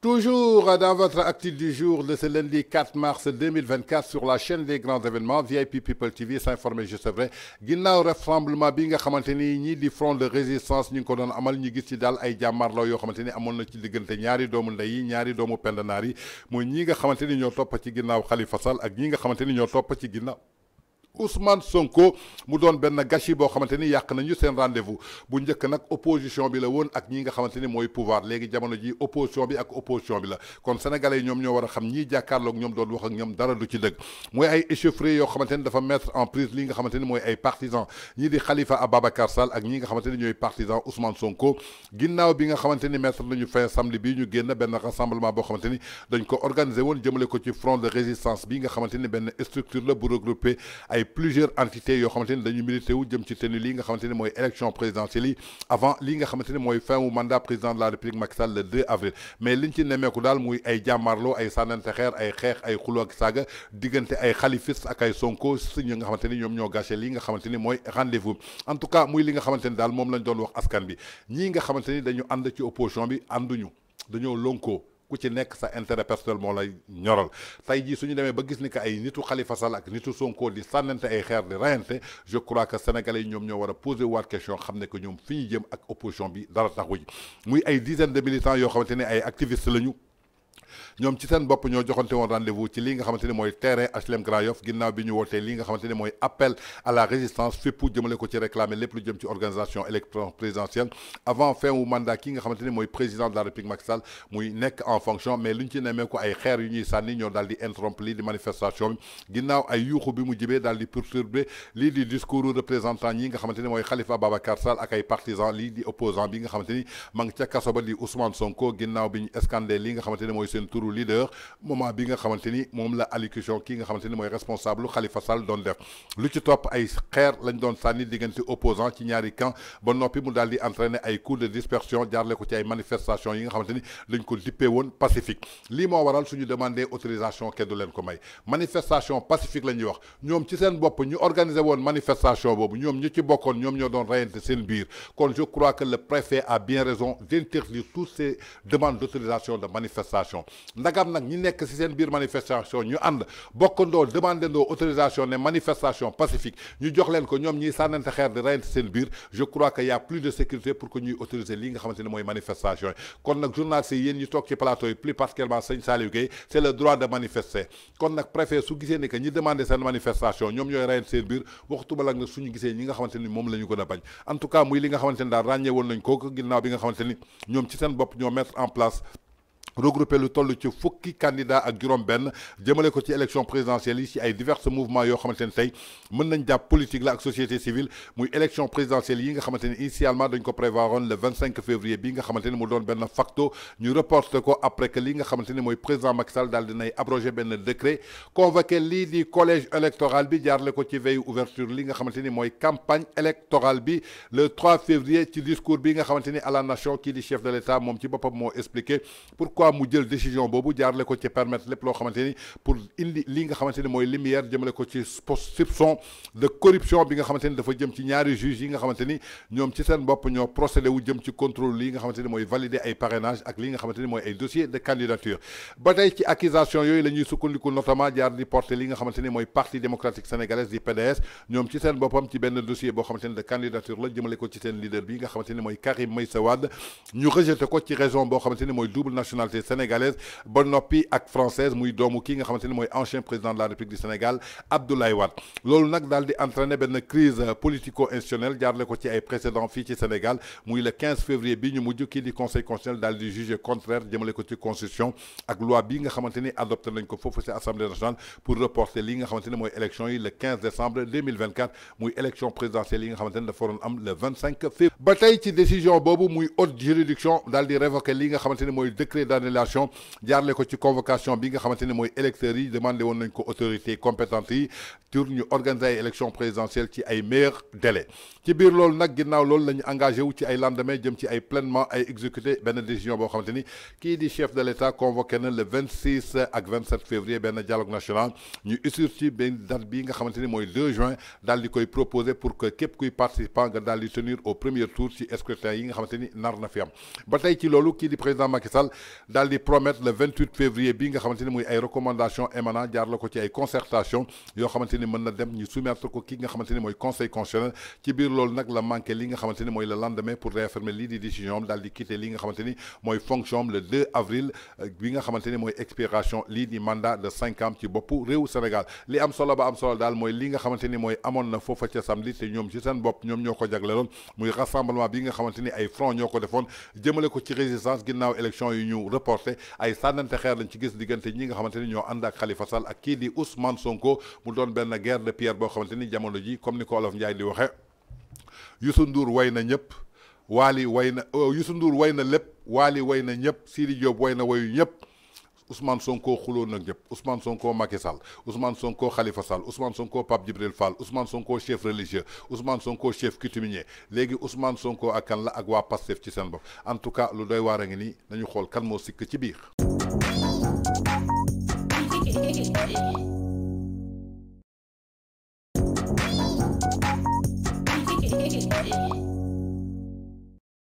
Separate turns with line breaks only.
Toujours dans votre actif du jour de ce lundi 4 mars 2024 sur la chaîne des grands événements VIP People TV s'informer juste vrai au rassemblement binga nga ni du front de résistance ni ngi amal ñu gis ci daal ay jàmmarloo yoo xamante ni amoon na ci diggante ñaari doomu ndey ñaari doomu pendanaar yi mooy ñi nga xamante top ci Khalifa Sall ak ñi nga Ousmane Sonko mu doon benn gâchis boo xamante ni yàq nañu seen rendez-vous bu njëkk nag opposition bi la woon ak ñi nga xamante ni mooy pouvoir léegi jamono ji opposition bi ak opposition bi la kon sénégalais yi ñoom ñoo war a xam ñiy jàkkaarloog ñoom doon wax ak ñoom dara du ci dëgg mooy ay échauffé yoo xamante ni dafa mettre en prise li nga xamante ni mooy ay partisans ñii di Khalifa Ababacar Sall ak ñi nga xamante ni ñooy partisans Ousmane Sonko ginnaaw bi nga xamante ni mettre nañu fin samedi bii ñu génn benn rassemblement boo xamante ni dañ ko organisé woon jëmale ko ci front de résistance bi nga xamante ni benn structure la bu regroupé ay plusieurs entités yoo de ni ou milité wu jëm ci seeni lii nga xamante élection présidentielle avant lii nga xamante ni fin wu mandat président de la république Macky Sall le 2 avril mais liñ ci nemmeeku daal muy ay jàmmarloo ay sànnante xeer ay xeex ay xuloo ak saaga diggante ay xalifis ak ay sonko si ñi nga xamante ni ñoom ñoo gâché nga rendez-vous en tout cas muy li nga xamante ni daal moom lañ doon wax askan bi ñii nga xamante ni dañu ànd ci opposition bi ànduñu dañoo lonkoo ku ci nekk sa intérêt personnel moo lay ñoral tey jii suñu demee ba gis ni que ay nitu Khalifa Sall ak nitu Sonko di sànnante ay xeer di rayante je crois que sénégalais yi ñoom ñoo war a poser waat question xam ne que ñoom fi ñu jëm ak opposition bi dara taxu ji muy ay dizaine de militants yoo xamante ni ay activistes lañu ñom ci seen bop ñoo joxante won rendez-vous ci li nga xamante moy terrain HLM Grand Yoff ginnaaw bi ñu wootee li nga xamante moy appel à la résistance fépp jëmale ko ci réclamer lepp lu jëm ci organisation élection présidentielle avant fin wu mandat ki nga xamante moy président de la République Macky Sall muy nekk en fonction mais luñ ci némé ko ay xéer yu ñuy sanni ñoo daal di interrompre li di manifestation ginnaw ginnaaw ay yuuxu bi mu jibé daal di perturber li di discours représentant yi nga xamante moy Khalifa Babacar Sall ak ay partisans li di opposant bi nga xamante mang ci kasso ba di Ousmane Sonko ginnaw biñu ñu escandé li nga xamante moy tour leader moment bi nga xamanteni ni la allocution qui nga xamanteni moy responsable Khalifa Sall doon def lu ci top ay xeer lañ doon sanni opposant ci ñaari camp ba nopi mu daldi entraîner ay coups de dispersion jaarle ko ci ay manifestations yi nga xamanteni ko pacifique li mo waral suñu demandé autorisation qu'elle du len ko may manifestation pacifique lañ ñuy wax ñom ci sen bop ñu organiser won manifestation bobu ñom ñu ci bokkon ñom ñoo doon reyante sen bir kon je crois que le préfet a bien raison d'interdire toutes ces demandes d'autorisation de manifestation manifestation ndagam nag ñi nek ci seen bir manifestation ñu and ànd bokkandoo ndo autorisation ne manifestation pacifique ñu jox leen ko ñom ñi sanante xeer di reyante seen bir je crois que y a plus de sécurité pour que ñuy autoriser li nga xamante moy manifestation kon nak journalistes yeen ñu toog ci plateau yi plus particulièrement Seigne Saliou Gueye c'est le droit de manifester kon nak préfet su gisé ni que ñi demandé seen manifestation ñom ñoy reyante seen bir waxtu ba nag na suñu gisé ñi nga xamante mom lañu la ñu bañ en tout cas muy li nga xamante da ragné won woon nañ ko ginnaw bi nga xamante ñom ci seen bop ñoo mettre en place regroupé le toll ci fukki candidat ak juróom-benn jëmale ko ci élection présidentielle ici, à ay divers mouvements yoo xamante ne tey mën nañ jàpp politique la ak société civile muy élection présidentielle yi nga xamante ne initialement dañ ko prévoir le 25 février bi nga xamante ne mu doon benn facto ñu reporte ko après que li nga xamante ne mooy président Macky Sall daal dinay abrogé benn décret convoqué lii di collège électoral bi jaarle ko ci veille ouverture li nga xamante mouille campagne électorale bi le 3 février ci discours bi nga xamante à la nation kii di chef de l'État. état moom ci boppam moo expliqué pourquoi pourquoi décision jaar le ko ci permettre lepp lo xamanteni pour indi li nga xamanteni moy lumière jëmale ko ci soupçon de corruption bi nga xamanteni dafa jëm ci ñaari juge yi nga xamanteni ñom ci sen bop ñoo procédé wu jëm ci contrôle li nga xamanteni moy valider ay parrainage ak li nga xamanteni moy ay dossier de candidature ba tey ci accusation yoy lañuy ñuy sukkandiku notamment jaar di porter li nga xamanteni moy parti démocratique sénégalais di PDS ñoom ci sen bopam ci benn dossier bo xamanteni de candidature la jëmale ko ci leader bi nga xamanteni moy Karim Meïssa Wade ñu rejeté ko ci raison bo xamanteni moy double nationalité sénégalaise Bonnopi nopi française muy doomu ki nga xamanteni ancien président de la république du Sénégal Abdoulaye Wade loolu nak daldi entraîner crise euh, politico-institutionnelle jarle ko ci ay précédents fi ci Sénégal muy le 15 février bi ñu ki conseil constitutionnel Daldi juger contraire jëmale ko ci constitution ak loi bi nga xamanteni adopter adopté nañ ko fofu ci assemblée nationale pour reporter li nga le 15 décembre 2024 muy élection présidentielle yi nga xamanteni le 25 février bataille tey ci décision bobu muy haute juridiction daldi révoquer li nga xamanteni moy décret candidations jaarle ko ci convocation bi nga xamanteni moy électeurs yi demandé won nañ ko autorités compétentes yi ñu organiser élection présidentielle ci ay meilleurs délais ci bir lool nak ginnaw lool la engagé wu ci ay lendemain jëm ci ay pleinement ay exécuté ben décision bo xamanteni ki di chef de l'État convoqué na le 26 ak 27 février ben dialogue national ñu usur ci ben date bi nga xamanteni moy 2 juin dal di koy proposé pour que képp kuy participant nga di tenir au premier tour ci scrutin yi nga xamanteni nar na fi am ba qui ci loolu ki di président Macky Sall dal di promettre le 28 février bi nga xamanteni ni muy ay recommandations émanant jaar la ko ci ay concertation yo xamanteni ni mën na dem ñu soumettre ko ki nga xamanteni moy conseil constitutionnel ci biir lool nak la manqué li nga xamanteni moy le lendemain pour réaffirmer li di décision dal di quitter li nga xamanteni moy fonction le 2 avril euh, bi nga xamanteni moy expiration li di mandat de cinq ans ci boppu réew Sénégal li am solo ba am solo dal moy li nga xamanteni moy mooy na foofa ci samedi té ñom ci seen bopp ñoom ñoo ko muy rassemblement bi nga xamanteni ay front ñoko ko jëmele ko ci résistance ginnaw élection yu ñu reporté ay sànnante xeer lañ ci gis diggante ñi nga xamante ni ñoo ànd ak Khalifa Sall ak kii di Ousmane Sonko mu doon benn guerre de pierre boo xamante ni jamono ji comme ni ko Olof Ndiaye di waxe Youssou Ndour way na ñëpp Waly way na Youssou Ndour way na lépp Waly way na ñëpp Sidi Diop way na wayu ñëpp Ousmane Sonko xuloo na ñëpp Ousmane Sonko Macky Sall Ousmane Sonko Khalifa Sall Ousmane Sonko Pape Djibril Fall Ousmane Sonko chef religieux Ousmane Sonko chef coutumier léegi Ousmane Sonko ak kan la ak waa Pastef ci seen bopp en tout ca lu doy waar a ngi nii nañu xool kan moo sikk ci biir.